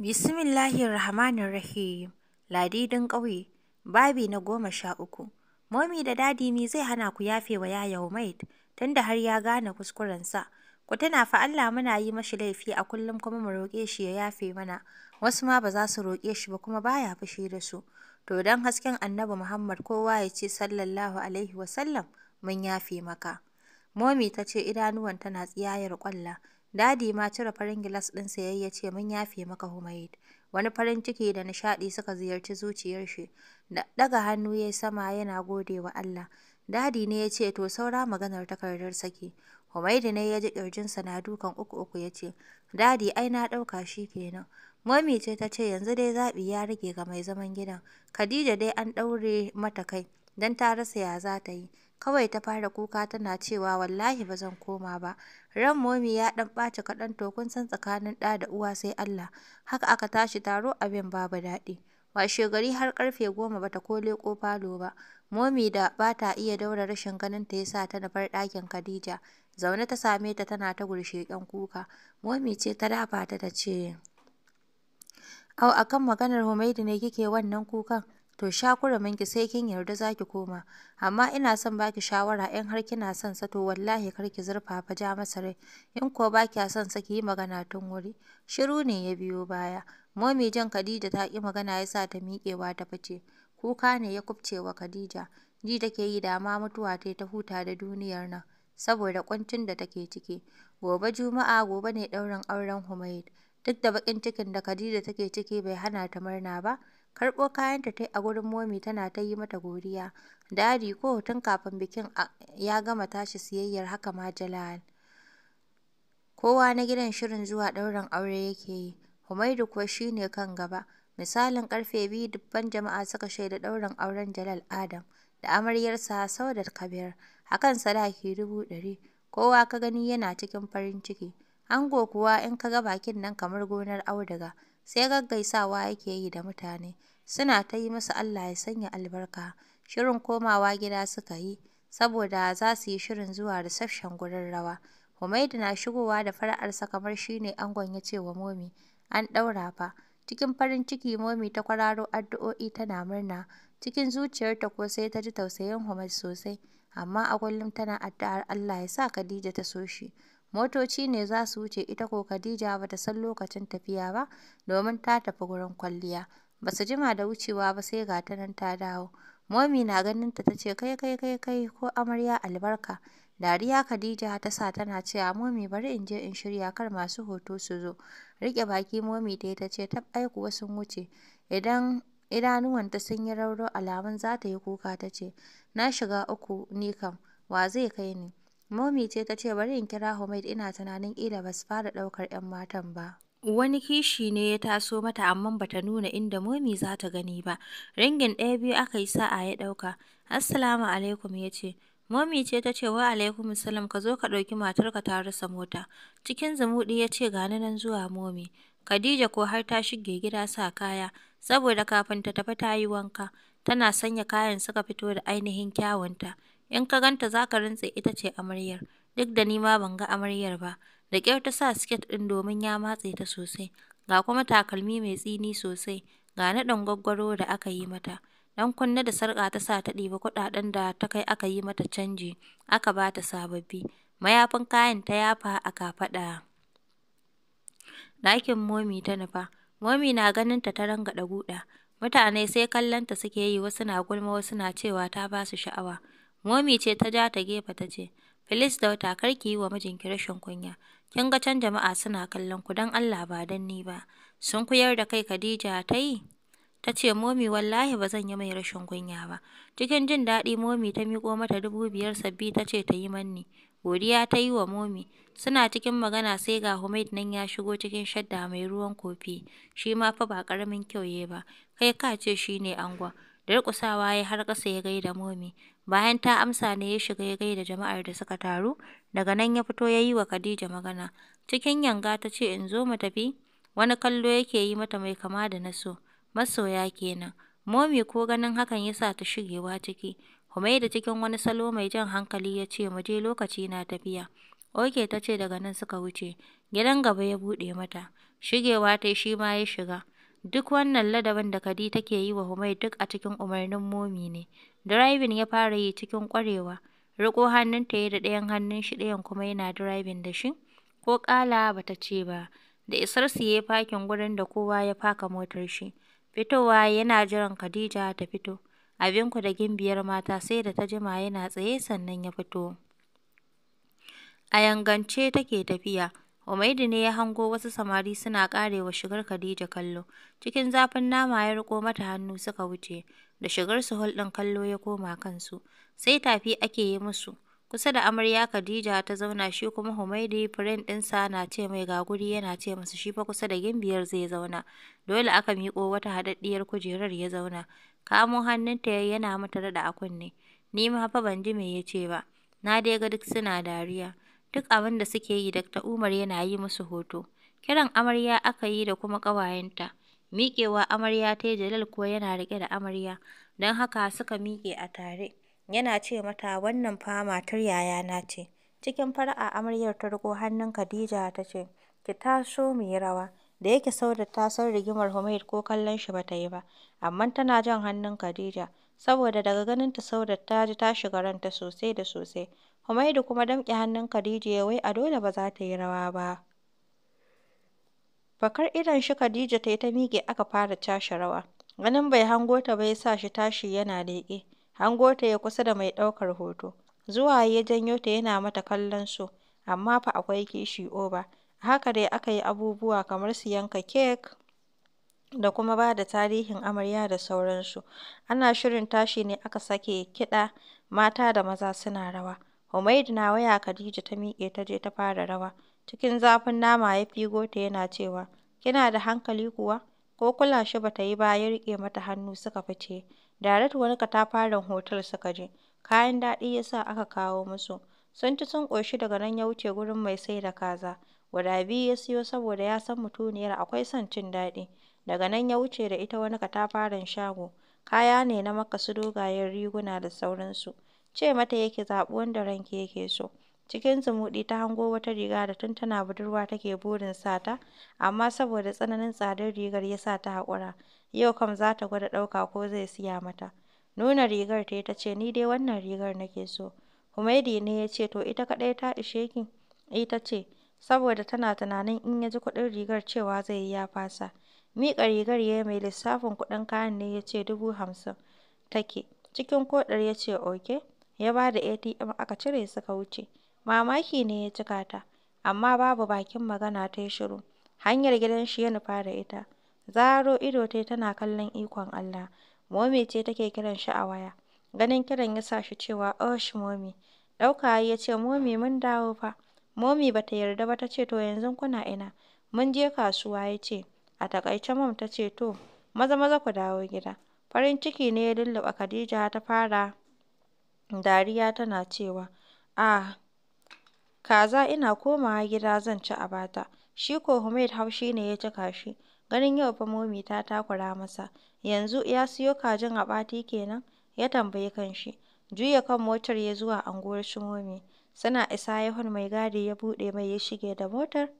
Bismillahirrahmanirrahim. Ladidin ƙauye, babi na goma sha uku. Momi da dadi me zai hana ku yafe wa yaya Umaid, tunda har ya gane kuskurensa. Ku tuna fa Allah muna yi mashi laifi a kullum kuma mu roƙe shi ya yafe mana. Wasu ma ba za su roƙe shi ba kuma baya fushi da su. To don hasken Annabi Muhammad kowa ya ce sallallahu alaihi wa sallam mun yafe maka. Momi ta ce idanuwan tana tsiyayar ƙwalla. Dadi ma cire farin gilas ɗinsa ya yi ya ce, Mun yafe maka Humaid. Wani farin ciki da nishaɗi suka ziyarci zuciyar shi, da ɗaga hannu ya sama yana gode wa Allah. Dadi ne ya ce, To saura maganar takardar saki. Humaid ne ya ji ƙirjinsa na dukan uku uku ya ce, Dadi ai na ɗauka shi kenan. Mami ce ta ce yanzu dai zaɓi ya rage ga mai zaman gidan. Khadija dai an ɗaure mata kai don ta rasa ya za ta yi. Kawai ta fara kuka tana cewa wallahi ba zan koma ba. Ran momi ya ɗan ɓaci kaɗan to kun san tsakanin ɗa da uwa sai Allah. Haka aka tashi taro abin babu daɗi. Washe gari har ƙarfe goma bata ko falo ba. Momi da ba ta iya daura rashin ganin ta yasa ta nufar ɗakin Khadija. Zaune ta same ta tana ta gurshe gursheƙen kuka. Momi ce ta dafa ta ta ce, Au akan maganar Humaidu ne kike wannan kukan? to sha ki sai kin yarda zaki koma amma ina son baki shawara in har kina son sa to wallahi kar ki zurfa fa ja masa rai in ko ba a son saki yi magana tun wuri shiru ne ya biyo baya momi jan Khadija ta ki magana ya sa ta miƙewa ta fice kuka ne ya kubcewa Khadija ji take yi da ma mutuwa ta ta huta da duniyar nan saboda kuncin da take ciki gobe juma'a gobe ne ɗaurin auren Humaid duk da bakin cikin da Khadija take ciki bai hana ta murna ba Karɓo kayanta ta yi a gurin Momi tana ta yi mata godiya. Dadi ko tun kafin bikin ya gama tashi siyayyar haka ma Jalal. Kowa na gidan shirin zuwa ɗaurin aure yake yi, Humaidu kuwa shi ne kan gaba. Misalin karfe biyu dubban jama'a suka shaida ɗaurin auren Jalal Adam da amaryarsa Saudat Kabir a kan sadaki dubu ɗari. Kowa ka gani yana cikin farin ciki. Ango kuwa in ka ga bakin nan kamar gonar auduga. sai gaggaisawa yake yi da mutane, suna ta yi masa Allah ya sanya albarka. Shirin komawa gida suka yi, saboda za su yi shirin zuwa reception gurin rawa. humaidu na shigowa da fara'arsa kamar shine angon ya ce wa Momi, an daura fa. Cikin farin ciki Momi ta kwararo addu'o'i tana murna, cikin zuciyarta ko sai ta ji tausayin Humaid sosai, amma a kullum tana addu'ar Allah ya sa Khadija ta so shi. Motoci ne za su wuce, ita ko Khadija ba ta san lokacin tafiya ba domin ta tafi gurin kwalliya. Ba su jima da wucewa ba sai ga ta nan ta dawo. Momi na ganin ta tace "Kai, kai, kai, kai, ko amarya albarka." Dariya Khadija ta sa tana cewa, "Momi bari in je in shirya kar masu hoto su zo." rike baki Momi ta ta ce, "Tab aiku wasu wuce." Idan idanuwanta sun yi rauro alamun za ta yi kuka ta ce, "Na shiga uku ni kam, wa zai kai ni?" Momi ce ta ce bari in kira humaid ina tunanin ƙila ba su fara ɗaukar 'yan matan ba. Wani kishi ne ya taso mata amma bata nuna inda momi za ta gani ba. Ringin ɗaya biyu aka yi sa'a ya ɗauka. Assalamu alaikum ya ce. Momi ce ta ce wa alaikum salam ka zo ka ɗauki matarka ta rasa mota. Cikin zumuɗi ya ce gani nan zuwa momi. Khadija ko har ta shige gida sa kaya saboda kafin ta tafi ta yi wanka. Tana sanya kayan suka fito da ainihin kyawunta. In ka ganta za ka rantse ita ce amaryar, duk da ni ma ban ga amaryar ba. Da kyau ta sa siket din domin ya matse ta sosai, ga kuma takalmi mai tsini sosai, ga naɗin gwaggwaro da aka yi mata. Ɗan kunne da sarka ta sa ta ɗiba kuɗaɗen da ta kai aka yi mata canji, aka ba ta sababbi. Mayafin kayan ta yafa a kafaɗa. Ɗakin Momi ta nufa. Momi na ganin ta ta rangaɗa guda. Mutane sai kallonta suke yi wasu na gulma wasu na cewa ta ba su sha'awa. Momi ce ta ja ta gefe ta ce, Felis wata kar ki yi wa mijinki rashin kunya, kin ga can jama'a suna kallon ku don Allah ba don ni ba.” kuyar da kai Khadija ta yi, ta ce, “Momi wallahi ba zan yi mai rashin kunya ba.” Cikin jin daɗi Momi ta miƙo mata dubu biyar sabbi ta ce ta yi manni. Godiya ta yi wa Momi. Suna cikin magana sai ga Humaid nan ya shigo cikin shadda mai ruwan kofi, shi ma fa ba ƙaramin kyauye ba, kai ka ce shi ne angon. Durƙusawa ya har ƙasa ya gaida momi. bayan ta amsa ne ya shiga ya gaida jama'ar da suka taru, daga nan ya fito ya yi wa Khadija magana, cikin yanga ta ce in zo mu tafi, wani kallo yake yi mata mai kama da na so, masoya kenan. Momi ko ganin hakan ya sa ta shigewa ciki, Humaida cikin wani salo mai jan hankali ya ce mu je lokaci na tafiya. Oke ta ce daga nan suka wuce, gidan gaba ya buɗe mata, shigewa ta shi ma ya shiga. Duk wannan ladabin da Kadi take yi wa humai duk a cikin umarnin Momi ne. Driving ya fara yi cikin ƙwarewa, riƙo hannunta ya yi da ɗayan hannun shi ɗayan kuma yana driving da shi, ko ƙala ba ta ce ba. Da isar ya yi fakin gurin da kowa ya faka motar shi. Fitowa yana jiran Khadija ta fito. Abinku da gimbiyar mata sai da ta jima yana tsaye sannan ya fito. A yangance take tafiya. Umaidi ne ya hango wasu samari suna karewa shigar Khadija kallo, cikin zafin nama ya riko mata hannu suka wuce, da shigar hol ɗin kallo ya koma kansu, sai tafi ake yi musu. Kusa da amarya Khadija ta zauna shi kuma Humaidi friend ɗinsa na ce mai ga guri yana ce masa shi fa kusa da gimbiyar zai zauna. Dole aka miƙo wata haɗaɗɗiyar kujerar ya zauna. Kamo hannunta yayi yana mata raɗa a kunne. Ni ma fa ban ji me ya ce ba. Na dai ga duk suna dariya. Duk abin da suke yi Dr. Umar yana yi musu hoto. Kiran amarya aka yi da kuma ƙawayenta. Miƙewa amarya ta yi Jalal kuwa yana riƙe da amarya, don haka suka miƙe a tare. Yana ce mata, wannan fa matar yayana ce. Cikin fara'a amaryar ta riƙo hannun Khadija ta ce, ki taso mu yi rawa. Da yake da ta san rigimar Humaid ko kallon shi ba ta yi ba, amma tana jan hannun Khadija, saboda daga ganin ganinta da ta ji ta shiga ranta sosai da sosai. Humaidi kuma damƙe hannun Khadija ya yi wai a dole ba za ta yi rawa ba. Fakar idan shi Khadija ta yi ta miƙe aka fara cashe rawa. Ganin bai hango ta ba ya sa shi tashi yana leƙe. Hango ta ya kusa da mai ɗaukar hoto. Zuwa ya janyo ta yana mata kallon so, amma fa akwai kishi oba. haka dai aka yi abubuwa kamar su yanka kek da kuma ba da tarihin amarya da sauransu. Ana shirin tashi ne aka sake kiɗa, mata da maza suna rawa. Homais na waya Khadija ta miƙe ta je ta fara rawa, cikin zafin nama ya figo ta yana cewa, "Kina da hankali kuwa?" Ko kula shi ba ta yi ba ya riƙe mata hannu suka fice. Daratu wani katafaren hotel suka je, kayan daɗi ya sa aka kawo musu. Sun ci sun ƙoshi daga nan ya wuce gurin mai sai da kaza, guda biyu ya siyo saboda ya san mutuniyar akwai son cin daɗi. Daga nan ya wuce da ita wani katafaren shago, kaya ne na makasu su dogayen riguna da sauransu. ce mata yake da zaɓi wanda ranki yake so. Cikin zumuɗi ta hango wata riga da tun tana budurwa take burin sata, amma saboda tsananin tsadar rigar ya sa ta haƙura, yau kam za ta gwada ɗauka ko zai siya mata. Nuna rigar ta ita ce, ni dai wannan rigar nake so. Humaidi ne ya ce, to ita kaɗai ta ishe ki? ita ce, saboda tana tunanin in ya ji kuɗin rigar cewa zai yi ya fasa. Miƙa rigar ya yi mai lissafin kuɗin kayan ne ya ce dubu hamsin take. Cikin koɗar ya ce, oke. ya ba da ATM aka cire suka wuce. Mamaki ne ya cika ta, amma babu bakin magana ta yi shiru. Hanyar gidan shi ya nufa da ita. Zaro ido tai tana kallon ikon Allah. Momi ce take kiran shi a waya. Ganin kiran ya sa shi cewa "Osh Momi." Ɗauka ya ce "Momi mun dawo fa." Momi ba ta yarda ba ta ce "To yanzu kuna ina?" "Mun je kasuwa" ya ce. A taƙaice Mom ta ce "To, maza maza ku dawo gida." Farin ciki ne ya dulluɓa Khadija ta fara dariya tana cewa, “Ah, kaza ina komawa gida zan ci abata.” Shi ko haushi ne ya cika shi, ganin yau fa Momi ta takura masa. Yanzu ya siyo kajin a ɓati kenan. ya tambayi kanshi. Juya kan motar ya zuwa unguwar su Momi. Suna isa yawan mai gadi ya buɗe mai ya shige da motar.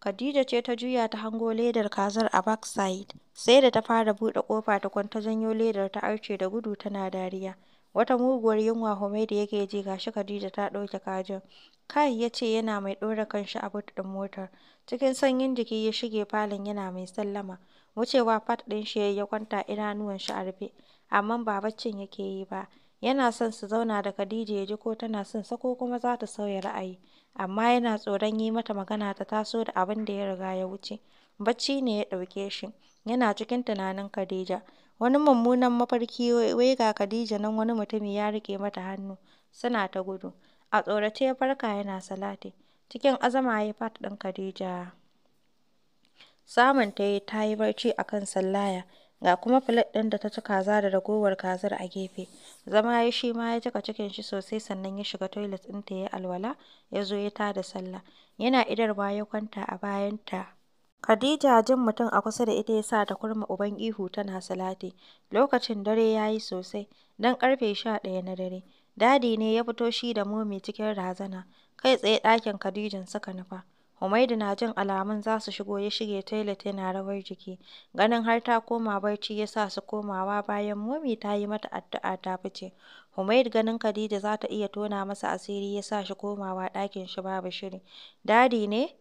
Khadija ce ta juya ta hango ledar kazar a backside. Sai da ta fara buɗe ƙofa tukun ta janyo ledar ta arce da gudu tana dariya. Wata muguwar yunwa da yake ji gashi Khadija ta ɗauke kajin. Kai! ya ce yana mai ɗora kanshi a but ɗin motar. Cikin sanyin jiki ya shige falon yana mai sallama. Wucewa fat ɗin shi ya kwanta idanuwan shi a rufe. Amma ba baccin yake yi ba. Yana son su zauna da Khadija ya ji ko tana son sako kuma za ta sauya ra'ayi. Amma yana tsoron yi mata magana ta taso da abin da ya riga ya wuce. Bacci ne ya ɗauke shi. Yana cikin tunanin Khadija, wani mummunan mafarki wai ga Khadija nan wani mutumi ya rike mata hannu, suna ta gudu. A tsorace ya farka yana salati, cikin azama ya yi ɗin Khadija. Samun ta yi ta yi barci a kan sallaya, ga kuma filet ɗin da ta ci kaza da ragowar kazar a gefe. Zama ya shi ma ya cika cikin shi sosai sannan ya shiga toilet ɗin ta yi alwala, ya zo ya tada sallah. Yana idarwa ya kwanta a bayanta. Khadija jin mutum a kusa da ita ya sa ta kurma uban ihu tana salati. Lokacin dare ya yi sosai, don ƙarfe ɗaya na dare, Dadi ne ya fito shi da Mumi cikin razana, kai tsaye ɗakin Khadijan suka nufa. humaidu na jin alamun za su shigo ya shige toilet yana rawar jiki, ganin har ta koma barci ya sa su komawa bayan Mumi ta yi mata addu'a ta fice. Humaidu ganin Khadija za ta iya tona masa asiri ya sa shi komawa ɗakin shi babu shiri. Dadi ne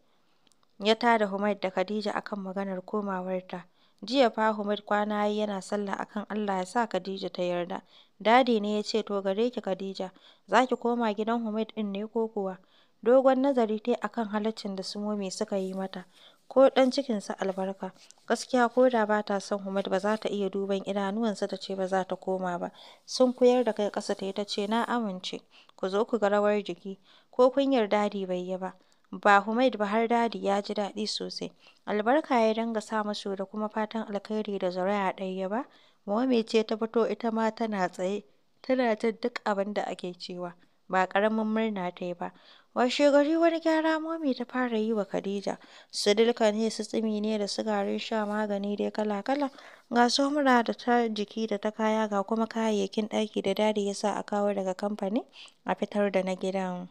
ya tada da Humaid da Khadija akan maganar komawarta. Jiya fa Humaid kwana ya yana sallah akan Allah ya sa Khadija ta yarda. Dadi ne ya ce, To gare ki Khadija, za ki koma gidan Humaid ɗin ne ko kuwa? Dogon nazari ta akan kan halaccin da su suka yi mata. Ko ɗan cikinsa albarka. Gaskiya ko da ba ta son Humaid ba za ta iya duban idanuwansa ta ce ba za ta koma ba. Sun koyar da kai ƙasa ta yi ce, Na amince, ku zo ku ga rawar jiki, ko kun yarda dadi bai yi ba. Ba humaid ba har Dadi ya ji daɗi sosai, albarka ya dinga sa masu da kuma fatan alkhairi da zuri'a ba? Momi ce ta fito ita ma tana tsaye, tana jin duk abin da ake cewa, ba ƙaramin murna ta yi ba. gari wani gyara Momi ta fara yi wa Khadija, su dilka ne, su tsimi ne da sigarin sha magani dai kala-kala, ga su da ta jiki da ta kaya ga kuma kayayyakin ɗaki da Dadi ya sa a kawo daga kamfani a fitar da na gidan.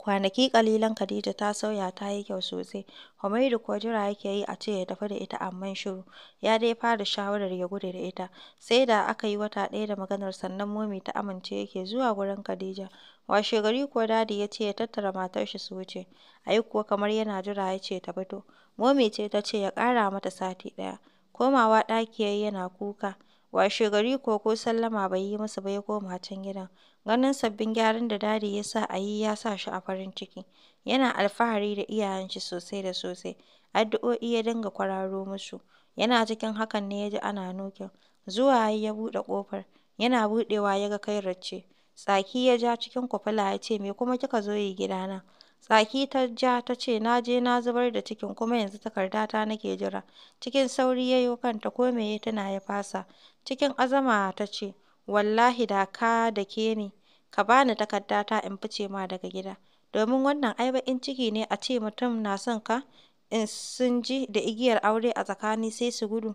Kwanaki kalilan Khadija ta sauya ta yi kyau sosai. humaidu kuwa jira yake yi a ce ya tafi da ita amman shiru, ya dai fara shawarar ya gudu da ita, sai da aka yi wata ɗaya da maganar sannan Momi ta amince yake zuwa gurin Khadija. Washegari kuwa Dadi ya ce ya tattara matar shi su wuce, ai kuwa kamar yana jira ya ce ta fito, Momi ce ta ce ya ƙara mata sati ɗaya. Komawa ɗaki ya yi yana kuka. Washegari kuwa ko ko sallama bai yi masa ba ya koma can gidan. Ganin sabbin gyaran da dadi ya sa a yi ya sa shi a farin ciki, yana alfahari da iyayen shi sosai da sosai, addu'o'i ya dinga kwararo musu, yana cikin hakan ne ya ji ana nukin. zuwa ya ya buɗe kofar. yana buɗewa ya ga kai tsaki ya ja cikin kufula ya ce me kuma kika zo yi gidana? Tsaki ta ja ta ce na je na zubar da cikin kuma yanzu takardata nake jira, cikin sauri ya yo kanta ko meye tana ya fasa, cikin azama ta ce Wallahi da ka dake ni, ka bani takarda ta in fice ma daga gida, domin wannan ai bakin ciki ne a ce mutum na son ka, in sun ji da igiyar aure a tsakani sai su gudu.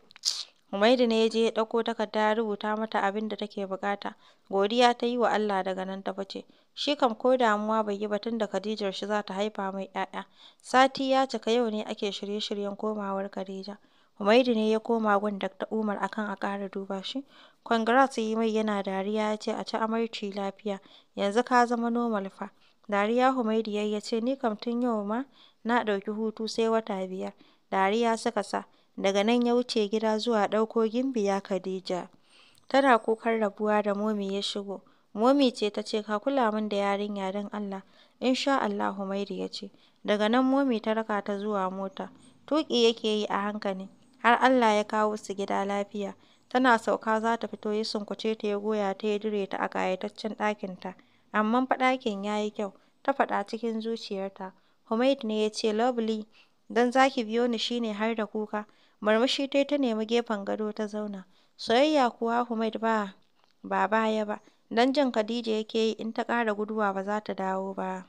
Humaidi ne ya je ya ɗauko takarda ya rubuta mata abin da take buƙata. Godiya ta yi wa Allah daga nan ta fice. Shi kam ko damuwa bai yi ba tun da Khadijar shi za ta haifa mai ‘ya'ya. Sati ya cika yau ne ake shirye-shiryen komawar Khadija. Humaidi ne ya koma gun ta Umar akan a ƙara duba shi. Congrats yi mai yana dariya ya ce, a ci amarci lafiya, yanzu ka zama normal fa, dariya Humaidi ya ce, ni kam tun yau ma na ɗauki hutu sai wata biyar, dariya suka sa, daga nan ya wuce gida zuwa ɗauko gimbiya Khadija. Tana kukan rabuwa da Momi ya shigo, Momi ce ta ce, ka kula min da yarinya don Allah, in sha Allah Humaidi ya ce, daga nan Momi ta raka ta zuwa mota, tuƙi yake yi a hankali, har Allah ya kawo su gida lafiya. Tana sauka za ta fito, ya sunkuce ta ya goya ta ya dire ta a ƙayataccen ɗakinta, amma fa ɗakin ya yi kyau, ta faɗa cikin zuciyarta. humaid ne ya ce, Lovely, don zaki, ki biyo ni shine har da kuka. Murmushi ta ta nemi gefen gado ta zauna. Soyayya kuwa humaid ba ba baya ba, don jin Khadija yake yi in ta ƙara guduwa ba za ta dawo ba.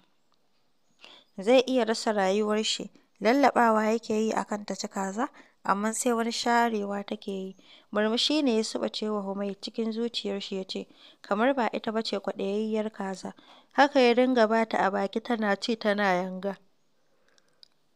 Zai iya rasa rayuwar shi, lallaɓawa yake yi akan ta ci kaza. amma sai wani sharewa take yi. Murmushi ne ya suba cewa homai cikin zuciyar shi ya ce, kamar ba ita bace ce kaza. Haka ya dinga ba ta a baki tana ci tana yanga.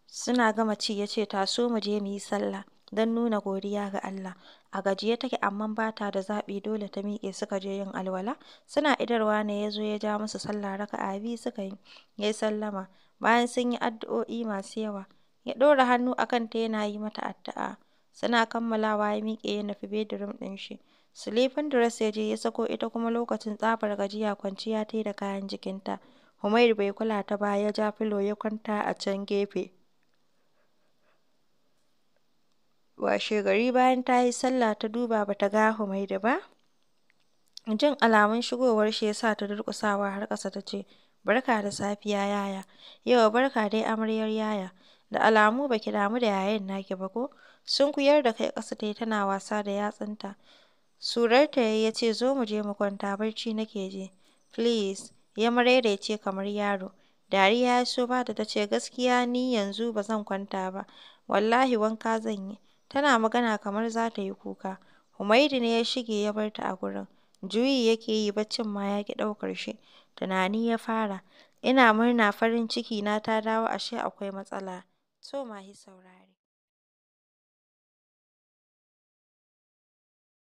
Suna gama ci ya ce, so mu je mu yi sallah don nuna godiya ga Allah. A gajiye take amma ba ta da zaɓi dole ta miƙe suka je yin alwala. Suna idarwa ne yazo ya ja musu sallah raka'a biyu suka yi, ya yi sallama. Bayan sun yi addu'o'i masu yawa, ya ɗora hannu a kanta yana yi mata addu'a. Suna kammalawa ya miƙe ya nufi bedroom ɗin shi. Silifin dress ya je ya sako ita kuma lokacin tsabar gajiya kwanciya ta yi da kayan jikinta. Humair bai kula ta ba ya ja filo ya kwanta a can gefe. Washegari bayan ta yi sallah ta duba ba ta ga Humaira ba. Jin alamun shigowar shi ya sa ta durƙusawa har ƙasa ta ce, Barka da safiya yaya, Yawa, barka dai amaryar yaya. Da alamu ba ki damu da yayan naki ba ko? sun Sunkuyar da kai ƙasa ta tana wasa da yatsunta. Surarta yayi yace ce zo mu je mu kwanta barci nake je Please, ya ce kamar yaro. Dariya ya so ba da ta ce gaskiya ni yanzu ba zan kwanta ba. Wallahi wanka zan yi. Tana magana kamar za ta yi kuka. Humaidu ne ya shige ya bar ta a gurin. Juyi yake yi baccin ma ya ki ɗaukar shi. Tunani ya fara. Ina murna farin ciki na ta dawo ashe akwai matsala. so ma saurare